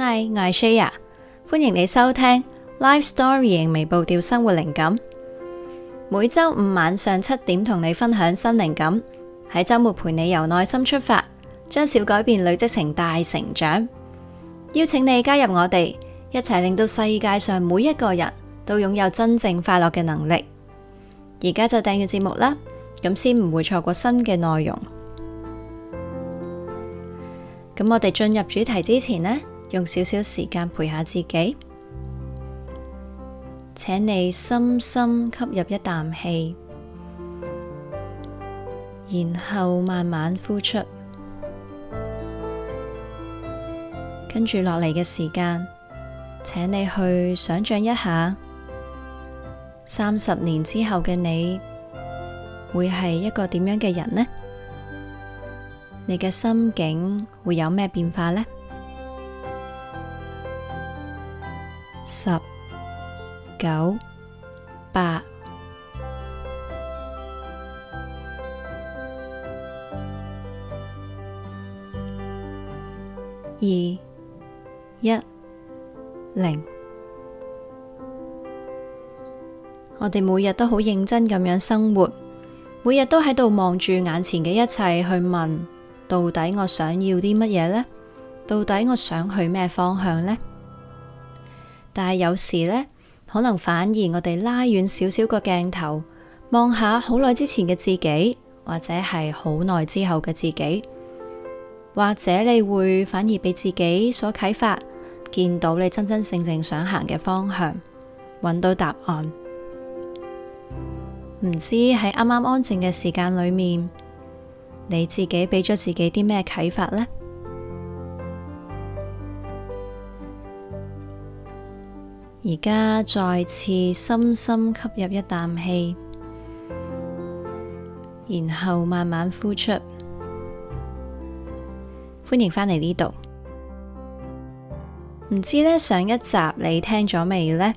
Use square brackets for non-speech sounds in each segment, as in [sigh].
Hi，我係 Shea，歡迎你收聽《Life Storying 微步調生活靈感》，每周五晚上七點同你分享新靈感，喺周末陪你由內心出發，將小改變累積成大成長。邀請你加入我哋，一齊令到世界上每一個人都擁有真正快樂嘅能力。而家就訂閱節目啦，咁先唔會錯過新嘅內容。咁我哋進入主題之前呢，用少少時間陪下自己，請你深深吸入一啖氣，然後慢慢呼出。跟住落嚟嘅時間，請你去想象一下，三十年之後嘅你會係一個點樣嘅人呢？你嘅心境會有咩變化呢？十、九、八、二、一、零。我哋每日都好認真咁樣生活，每日都喺度望住眼前嘅一切，去問，到底我想要啲乜嘢呢？到底我想去咩方向呢？但係有時呢，可能反而我哋拉遠少少個鏡頭，望下好耐之前嘅自己，或者係好耐之後嘅自己，或者你會反而俾自己所啟發，見到你真真正正想行嘅方向，揾到答案。唔知喺啱啱安靜嘅時間裏面，你自己俾咗自己啲咩啟發呢？而家再次深深吸入一啖氣，然後慢慢呼出。歡迎返嚟呢度，唔知呢上一集你聽咗未呢？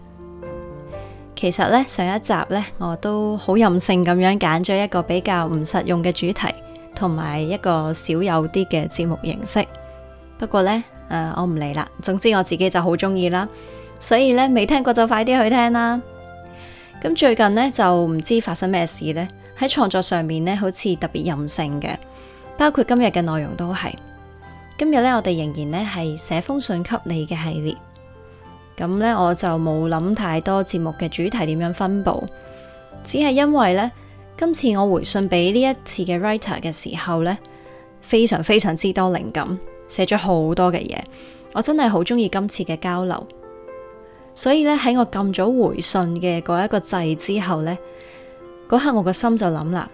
其實呢上一集呢，我都好任性咁樣揀咗一個比較唔實用嘅主題，同埋一個少有啲嘅節目形式。不過呢，誒、呃，我唔嚟唔理啦。總之我自己就好中意啦。所以咧，未聽過就快啲去聽啦。咁最近呢，就唔知發生咩事呢。喺創作上面呢，好似特別任性嘅，包括今日嘅內容都係。今日呢，我哋仍然呢係寫封信給你嘅系列。咁呢，我就冇諗太多節目嘅主題點樣分布，只係因為呢，今次我回信俾呢一次嘅 writer 嘅時候呢，非常非常之多靈感，寫咗好多嘅嘢。我真係好中意今次嘅交流。所以咧，喺我㩒咗回信嘅嗰一個掣之後咧，嗰刻我個心就諗啦：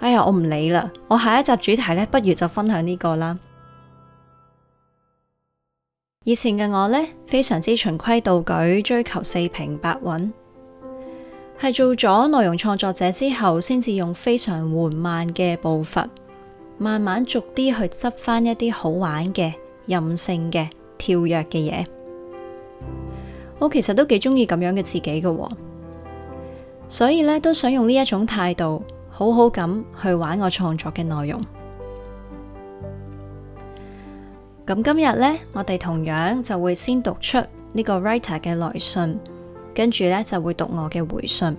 哎呀，我唔理啦，我下一集主題咧，不如就分享呢個啦。以前嘅我咧，非常之循規蹈矩，追求四平八穩，係做咗內容創作者之後，先至用非常緩慢嘅步伐，慢慢逐啲去執翻一啲好玩嘅、任性嘅、跳躍嘅嘢。我其實都幾中意咁樣嘅自己嘅㗎喎，所以呢，都想用呢一種態度，好好咁去玩我創作嘅內容。咁今日呢，我哋同樣就會先讀出呢個 writer 嘅來信，跟住呢就會讀我嘅回信。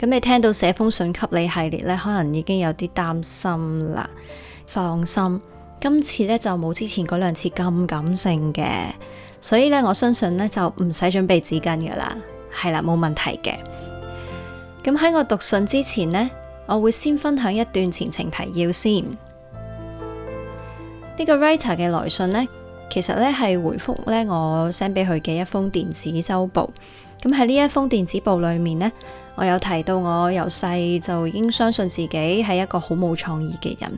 咁你聽到寫封信給你系列呢，可能已經有啲擔心啦。放心，今次呢就冇之前嗰兩次咁感性嘅。所以咧，我相信咧就唔使準備紙巾噶啦，係啦，冇問題嘅。咁喺我讀信之前呢，我會先分享一段前情提要先。呢 [music] 個 writer 嘅來信呢，其實呢係回覆呢我 send 俾佢嘅一封電子周報。咁喺呢一封電子報裏面呢，我有提到我由細就已經相信自己係一個好冇創意嘅人，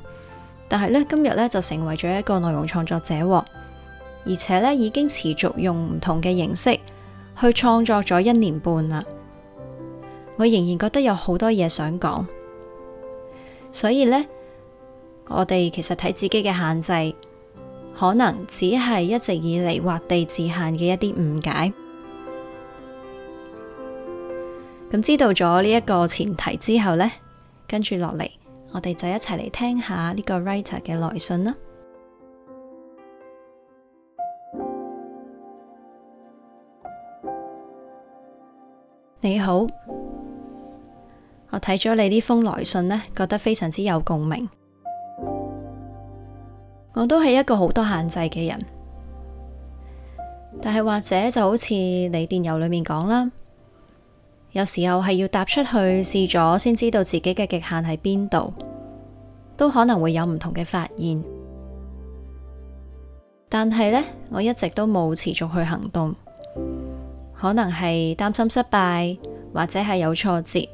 但係呢，今日呢就成為咗一個內容創作者。而且咧，已經持續用唔同嘅形式去創作咗一年半啦。我仍然覺得有好多嘢想講，所以呢，我哋其實睇自己嘅限制，可能只係一直以嚟畫地自限嘅一啲誤解。咁知道咗呢一個前提之後呢，跟住落嚟，我哋就一齊嚟聽下呢個 writer 嘅來信啦。你好，我睇咗你呢封來信呢，覺得非常之有共鳴。我都係一個好多限制嘅人，但係或者就好似你電郵裏面講啦，有時候係要踏出去試咗，先知道自己嘅極限喺邊度，都可能會有唔同嘅發現。但係呢，我一直都冇持續去行動。可能係擔心失敗，或者係有挫折，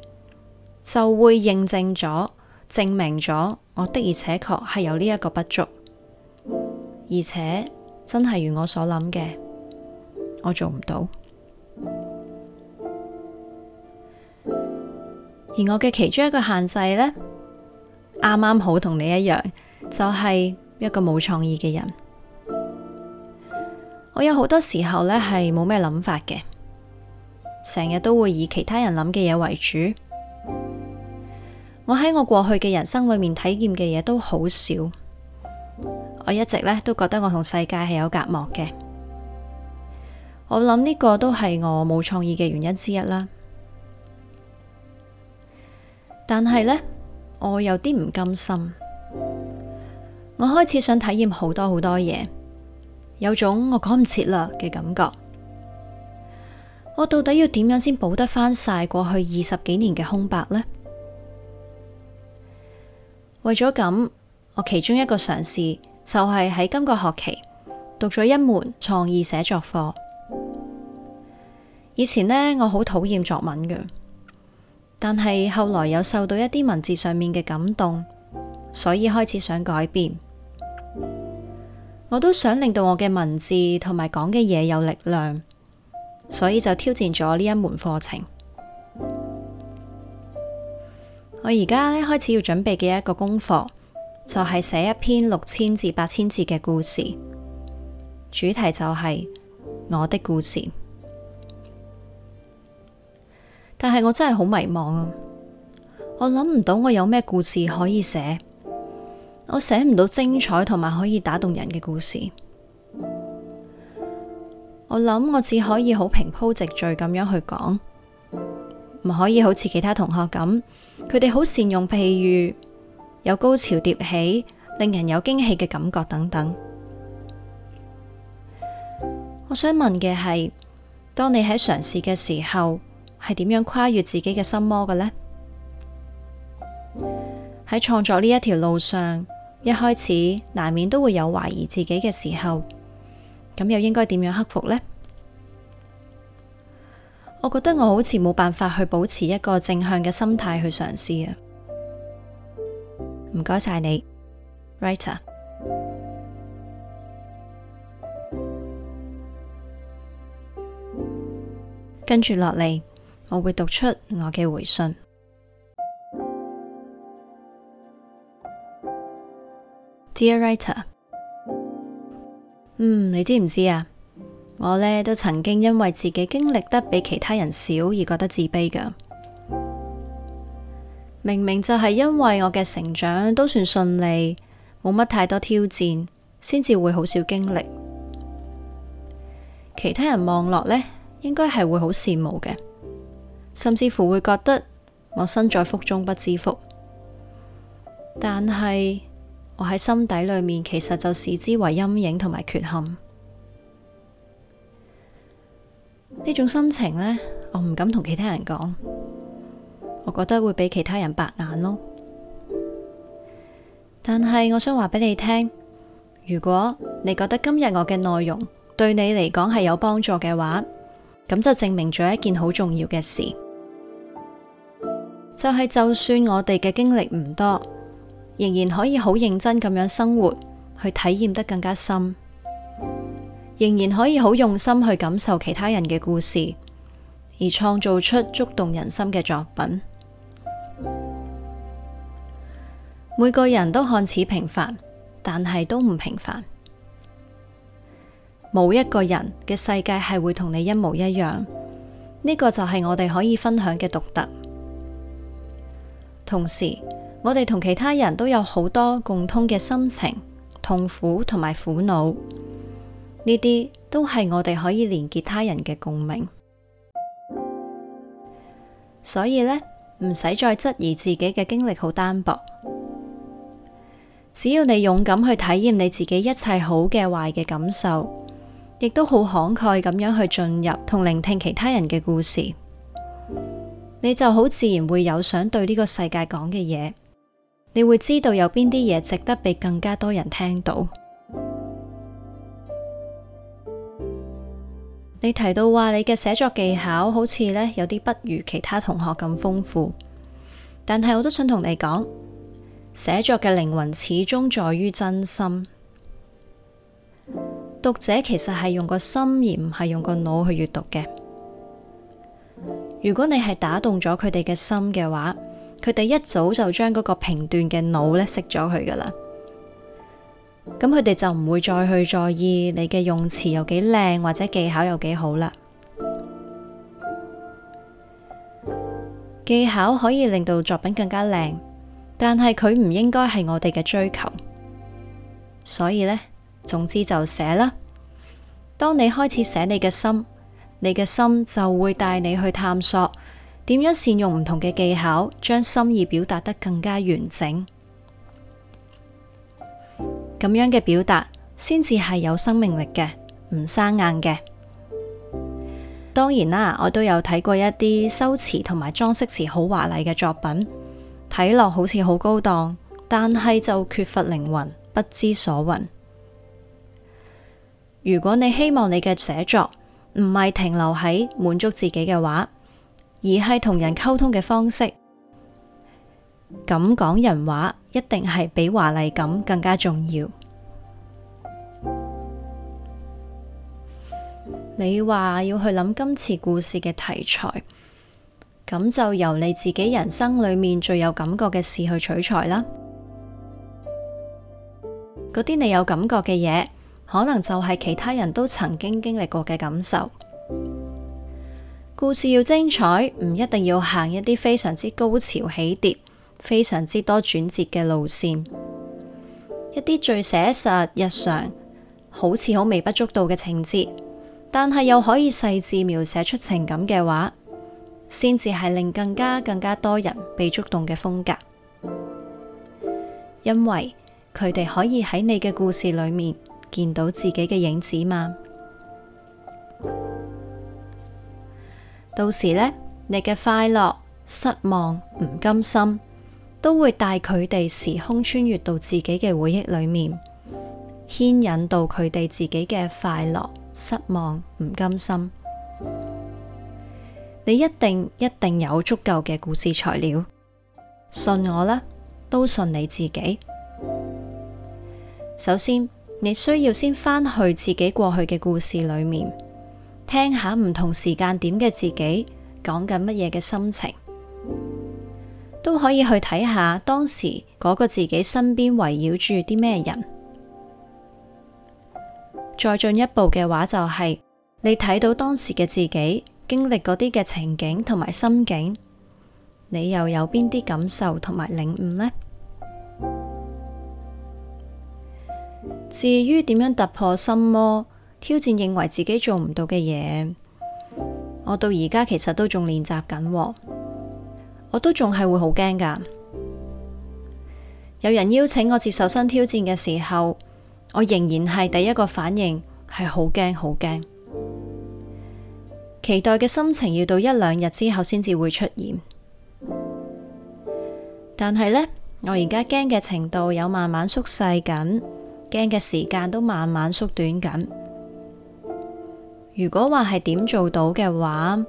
就會認證咗，證明咗我的而且確係有呢一個不足，而且真係如我所諗嘅，我做唔到。而我嘅其中一個限制呢，啱啱好同你一樣，就係一個冇創意嘅人。我有好多時候呢，係冇咩諗法嘅。成日都會以其他人諗嘅嘢為主。我喺我過去嘅人生裏面體驗嘅嘢都好少，我一直呢，都覺得我同世界係有隔膜嘅。我諗呢個都係我冇創意嘅原因之一啦。但係呢，我有啲唔甘心，我開始想體驗好多好多嘢，有種我講唔切啦嘅感覺。我到底要點樣先補得翻晒過去二十幾年嘅空白呢？為咗咁，我其中一個嘗試就係喺今個學期讀咗一門創意寫作課。以前呢，我好討厭作文嘅，但係後來有受到一啲文字上面嘅感動，所以開始想改變。我都想令到我嘅文字同埋講嘅嘢有力量。所以就挑戰咗呢一門課程。我而家開始要準備嘅一個功課，就係寫一篇六千至八千字嘅故事，主題就係我的故事。但係我真係好迷茫啊！我諗唔到我有咩故事可以寫，我寫唔到精彩同埋可以打動人嘅故事。我諗我只可以好平鋪直敘咁樣去講，唔可以好似其他同學咁，佢哋好善用譬喻、有高潮迭起、令人有驚喜嘅感覺等等。我想問嘅係，當你喺嘗試嘅時候，係點樣跨越自己嘅心魔嘅呢？喺創作呢一條路上，一開始難免都會有懷疑自己嘅時候。咁又應該點樣克服呢？我覺得我好似冇辦法去保持一個正向嘅心態去嘗試啊！唔該晒你，Writer。跟住落嚟，我會讀出我嘅回信。Dear Writer。嗯，你知唔知啊？我呢都曾經因為自己經歷得比其他人少而覺得自卑噶。明明就係因為我嘅成長都算順利，冇乜太多挑戰，先至會好少經歷。其他人望落呢應該係會好羨慕嘅，甚至乎會覺得我身在福中不知福。但係。我喺心底裏面，其實就視之為陰影同埋缺陷。呢種心情呢，我唔敢同其他人講，我覺得會俾其他人白眼咯。但係我想話俾你聽，如果你覺得今日我嘅內容對你嚟講係有幫助嘅話，咁就證明咗一件好重要嘅事，就係就算我哋嘅經歷唔多。仍然可以好認真咁樣生活，去體驗得更加深；仍然可以好用心去感受其他人嘅故事，而創造出觸動人心嘅作品。每個人都看似平凡，但係都唔平凡。冇一個人嘅世界係會同你一模一樣，呢個就係我哋可以分享嘅獨特。同時，我哋同其他人都有好多共通嘅心情、痛苦同埋苦惱，呢啲都係我哋可以連結他人嘅共鳴。所以呢，唔使再質疑自己嘅經歷好單薄，只要你勇敢去體驗你自己一切好嘅、壞嘅感受，亦都好慷慨咁樣去進入同聆聽其他人嘅故事，你就好自然會有想對呢個世界講嘅嘢。你會知道有邊啲嘢值得被更加多人聽到。你提到話你嘅寫作技巧好似咧有啲不如其他同學咁豐富，但係我都想同你講，寫作嘅靈魂始終在於真心。讀者其實係用個心，而唔係用個腦去閱讀嘅。如果你係打動咗佢哋嘅心嘅話，佢哋一早就將嗰個評斷嘅腦咧熄咗佢㗎啦，咁佢哋就唔會再去在意你嘅用詞有幾靚或者技巧有幾好啦。技巧可以令到作品更加靚，但係佢唔應該係我哋嘅追求。所以呢，總之就寫啦。當你開始寫你嘅心，你嘅心就會帶你去探索。點樣善用唔同嘅技巧，將心意表達得更加完整？咁樣嘅表達先至係有生命力嘅，唔生硬嘅。當然啦，我都有睇過一啲修辭同埋裝飾詞好華麗嘅作品，睇落好似好高檔，但係就缺乏靈魂，不知所云。如果你希望你嘅寫作唔係停留喺滿足自己嘅話，而係同人溝通嘅方式，咁講人話一定係比華麗感更加重要。你話要去諗今次故事嘅題材，咁就由你自己人生裏面最有感覺嘅事去取材啦。嗰啲你有感覺嘅嘢，可能就係其他人都曾經經歷過嘅感受。故事要精彩，唔一定要行一啲非常之高潮起跌、非常之多轉折嘅路線。一啲最寫實、日常、好似好微不足道嘅情節，但係又可以細緻描寫出情感嘅話，先至係令更加更加多人被觸動嘅風格。因為佢哋可以喺你嘅故事裏面見到自己嘅影子嘛。到時呢，你嘅快樂、失望、唔甘心，都會帶佢哋時空穿越到自己嘅回憶裏面，牽引到佢哋自己嘅快樂、失望、唔甘心。你一定一定有足夠嘅故事材料，信我啦，都信你自己。首先，你需要先翻去自己過去嘅故事裏面。聽下唔同時間點嘅自己講緊乜嘢嘅心情，都可以去睇下當時嗰個自己身邊圍繞住啲咩人。再進一步嘅話，就是，就係你睇到當時嘅自己經歷嗰啲嘅情景同埋心境，你又有邊啲感受同埋領悟呢？至於點樣突破心魔？挑戰認為自己做唔到嘅嘢，我到而家其實都仲練習緊，我都仲係會好驚㗎。有人邀請我接受新挑戰嘅時候，我仍然係第一個反應係好驚，好驚。期待嘅心情要到一兩日之後先至會出現，但係呢，我而家驚嘅程度有慢慢縮細緊，驚嘅時間都慢慢縮短緊。如果話係點做到嘅話，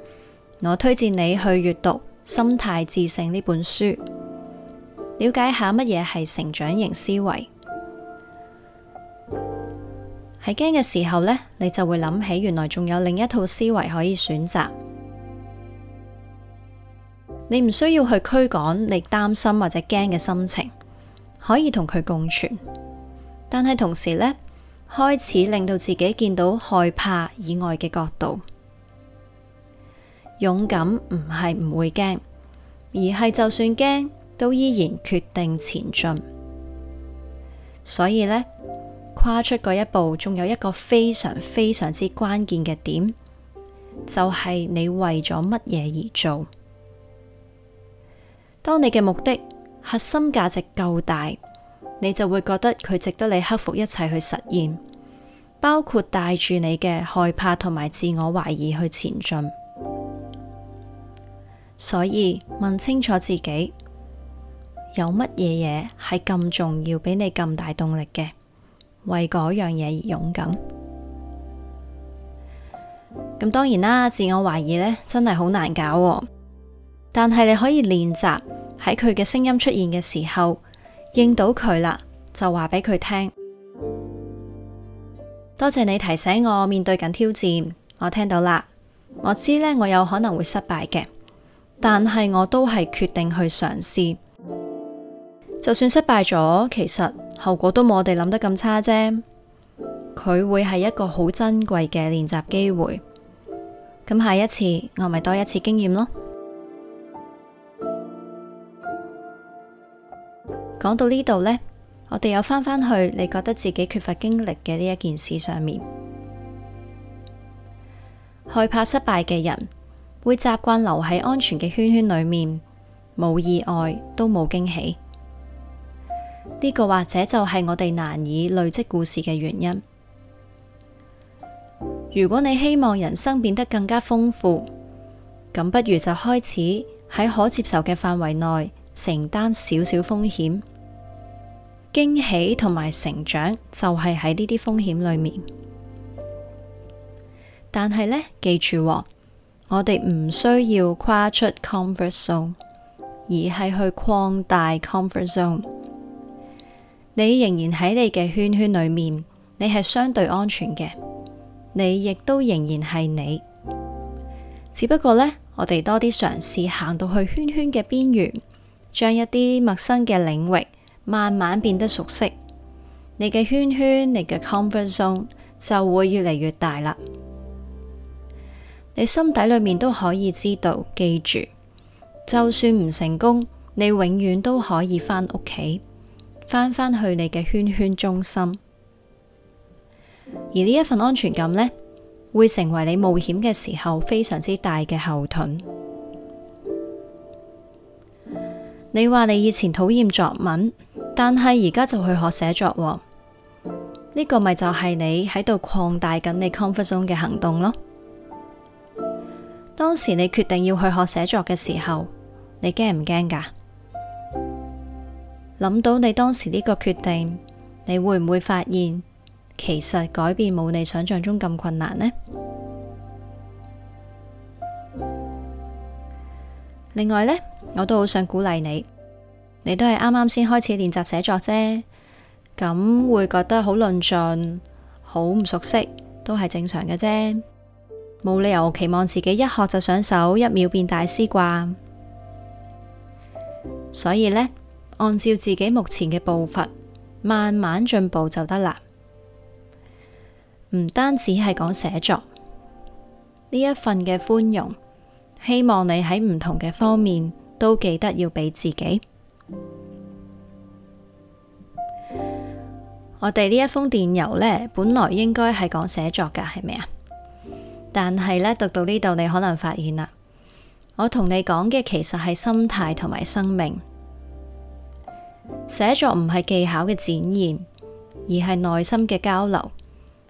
我推薦你去閱讀《心態致勝》呢本書，了解下乜嘢係成長型思維。喺驚嘅時候呢，你就會諗起原來仲有另一套思維可以選擇。你唔需要去驅趕你擔心或者驚嘅心情，可以同佢共存。但係同時呢，開始令到自己見到害怕以外嘅角度，勇敢唔係唔會驚，而係就算驚都依然決定前進。所以呢，跨出嗰一步，仲有一個非常非常之關鍵嘅點，就係你為咗乜嘢而做。當你嘅目的、核心價值夠大。你就會覺得佢值得你克服一切去實現，包括帶住你嘅害怕同埋自我懷疑去前進。所以問清楚自己，有乜嘢嘢係咁重要，俾你咁大動力嘅，為嗰樣嘢而勇敢？咁當然啦，自我懷疑呢真係好難搞，但係你可以練習喺佢嘅聲音出現嘅時候。應到佢啦，就話俾佢聽。多謝你提醒我面對緊挑戰，我聽到啦。我知呢，我有可能會失敗嘅，但係我都係決定去嘗試。就算失敗咗，其實後果都冇我哋諗得咁差啫。佢會係一個好珍貴嘅練習機會。咁下一次，我咪多一次經驗咯。講到呢度呢，我哋又翻返去你覺得自己缺乏經歷嘅呢一件事上面，害怕失敗嘅人會習慣留喺安全嘅圈圈裏面，冇意外都冇驚喜。呢個或者就係我哋難以累積故事嘅原因。如果你希望人生變得更加豐富，咁不如就開始喺可接受嘅範圍內承擔少少風險。驚喜同埋成長就係喺呢啲風險裏面，但係呢，記住喎，我哋唔需要跨出 comfort zone，而係去擴大 comfort zone。你仍然喺你嘅圈圈裏面，你係相對安全嘅，你亦都仍然係你。只不過呢，我哋多啲嘗試行到去圈圈嘅邊緣，將一啲陌生嘅領域。慢慢變得熟悉，你嘅圈圈，你嘅 comfort zone 就會越嚟越大啦。你心底裏面都可以知道，記住，就算唔成功，你永遠都可以翻屋企，翻翻去你嘅圈圈中心。而呢一份安全感呢，會成為你冒險嘅時候非常之大嘅後盾。你話你以前討厭作文？但係而家就去學寫作，呢個咪就係你喺度擴大緊你 comfort zone 嘅行動咯。當時你決定要去學寫作嘅時候，你驚唔驚噶？諗到你當時呢個決定，你會唔會發現其實改變冇你想象中咁困難呢？另外呢，我都好想鼓勵你。你都係啱啱先開始練習寫作啫，咁會覺得好論盡，好唔熟悉，都係正常嘅啫，冇理由期望自己一學就上手，一秒變大師啩。所以呢，按照自己目前嘅步伐，慢慢進步就得啦。唔單止係講寫作，呢一份嘅寬容，希望你喺唔同嘅方面都記得要俾自己。我哋呢一封電郵呢，本來應該係講寫作㗎，係咪啊？但係呢，讀到呢度，你可能發現啦，我同你講嘅其實係心態同埋生命。寫作唔係技巧嘅展現，而係內心嘅交流，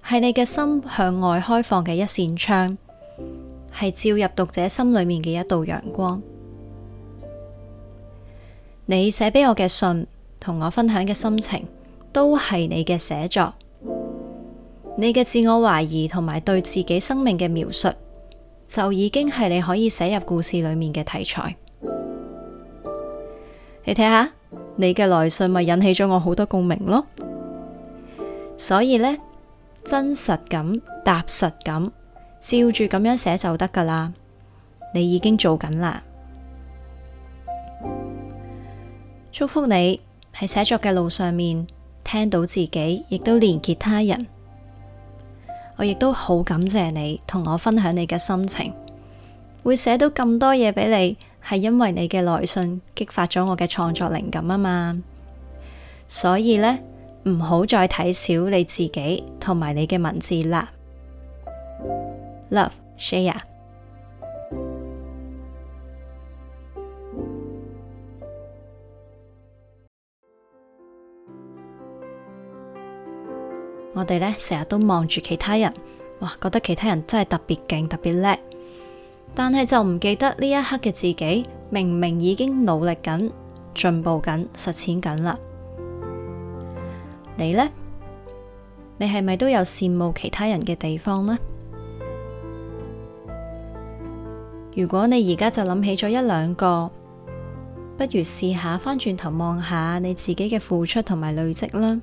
係你嘅心向外開放嘅一扇窗，係照入讀者心裏面嘅一道陽光。你寫俾我嘅信，同我分享嘅心情。都係你嘅寫作，你嘅自我懷疑同埋對自己生命嘅描述就已經係你可以寫入故事裏面嘅題材。你睇下，你嘅來信咪引起咗我好多共鳴咯。所以呢，真實咁、踏實咁，照住咁樣寫就得噶啦。你已經做緊啦，祝福你喺寫作嘅路上面。聽到自己，亦都連結他人，我亦都好感謝你同我分享你嘅心情。會寫到咁多嘢俾你，係因為你嘅來信激發咗我嘅創作靈感啊嘛。所以呢，唔好再睇小你自己同埋你嘅文字啦。Love share。我哋呢成日都望住其他人，哇！覺得其他人真係特別勁、特別叻，但係就唔記得呢一刻嘅自己，明明已經努力緊、進步緊、實踐緊啦。你呢？你係咪都有羨慕其他人嘅地方呢？如果你而家就諗起咗一兩個，不如試下返轉頭望下你自己嘅付出同埋累積啦。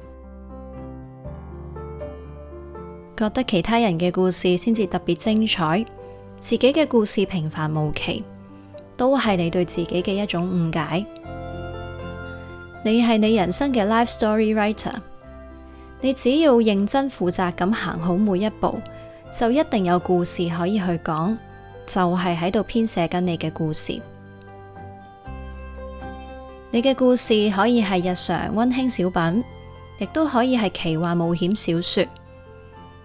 覺得其他人嘅故事先至特別精彩，自己嘅故事平凡無奇，都係你對自己嘅一種誤解。你係你人生嘅 life story writer，你只要認真負責咁行好每一步，就一定有故事可以去講，就係喺度編寫緊你嘅故事。你嘅故事可以係日常溫馨小品，亦都可以係奇幻冒險小說。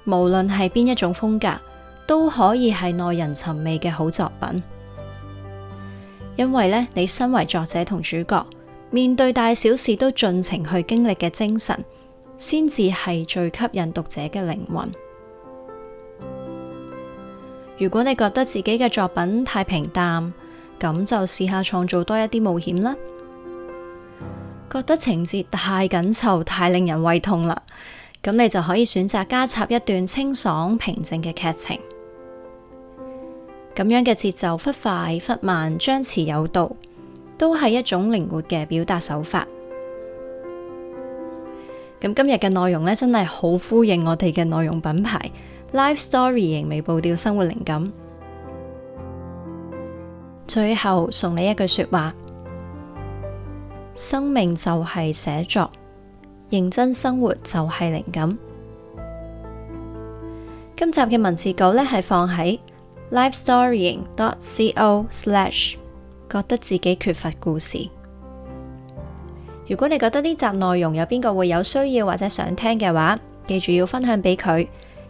無論係邊一種風格，都可以係耐人尋味嘅好作品。因為呢，你身為作者同主角，面對大小事都盡情去經歷嘅精神，先至係最吸引讀者嘅靈魂。如果你覺得自己嘅作品太平淡，咁就試下創造多一啲冒險啦。覺得情節太緊湊，太令人胃痛啦。咁你就可以選擇加插一段清爽平靜嘅劇情，咁樣嘅節奏忽快忽慢，張弛有度，都係一種靈活嘅表達手法。咁今日嘅內容呢，真係好呼應我哋嘅內容品牌 Life Storying，輕微步調，生活靈感。最後送你一句說話：生命就係寫作。認真生活就係靈感。今集嘅文字稿呢係放喺 lifestorying.co slash 覺得自己缺乏故事。如果你覺得呢集內容有邊個會有需要或者想聽嘅話，記住要分享俾佢，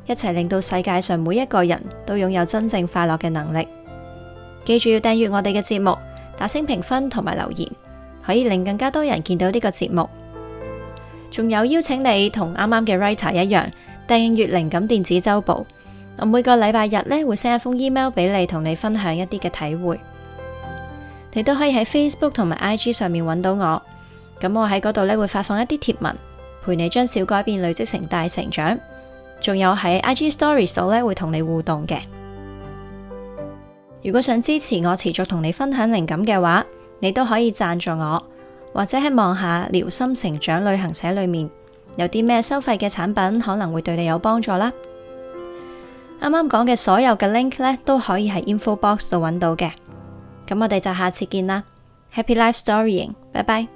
一齊令到世界上每一個人都擁有真正快樂嘅能力。記住要訂閱我哋嘅節目，打星評分同埋留言，可以令更加多人見到呢個節目。仲有邀請你同啱啱嘅 writer 一樣訂閱靈感電子週報，我每個禮拜日呢會 send 一封 email 俾你，同你分享一啲嘅體會。你都可以喺 Facebook 同埋 IG 上面揾到我，咁我喺嗰度呢會發放一啲貼文，陪你將小改變累積成大成長。仲有喺 IG Stories 度呢會同你互動嘅。如果想支持我持續同你分享靈感嘅話，你都可以贊助我。或者希望下療心成長旅行社裏面有啲咩收費嘅產品可能會對你有幫助啦。啱啱講嘅所有嘅 link 咧都可以喺 info box 度揾到嘅。咁我哋就下次見啦。Happy life storying，拜拜。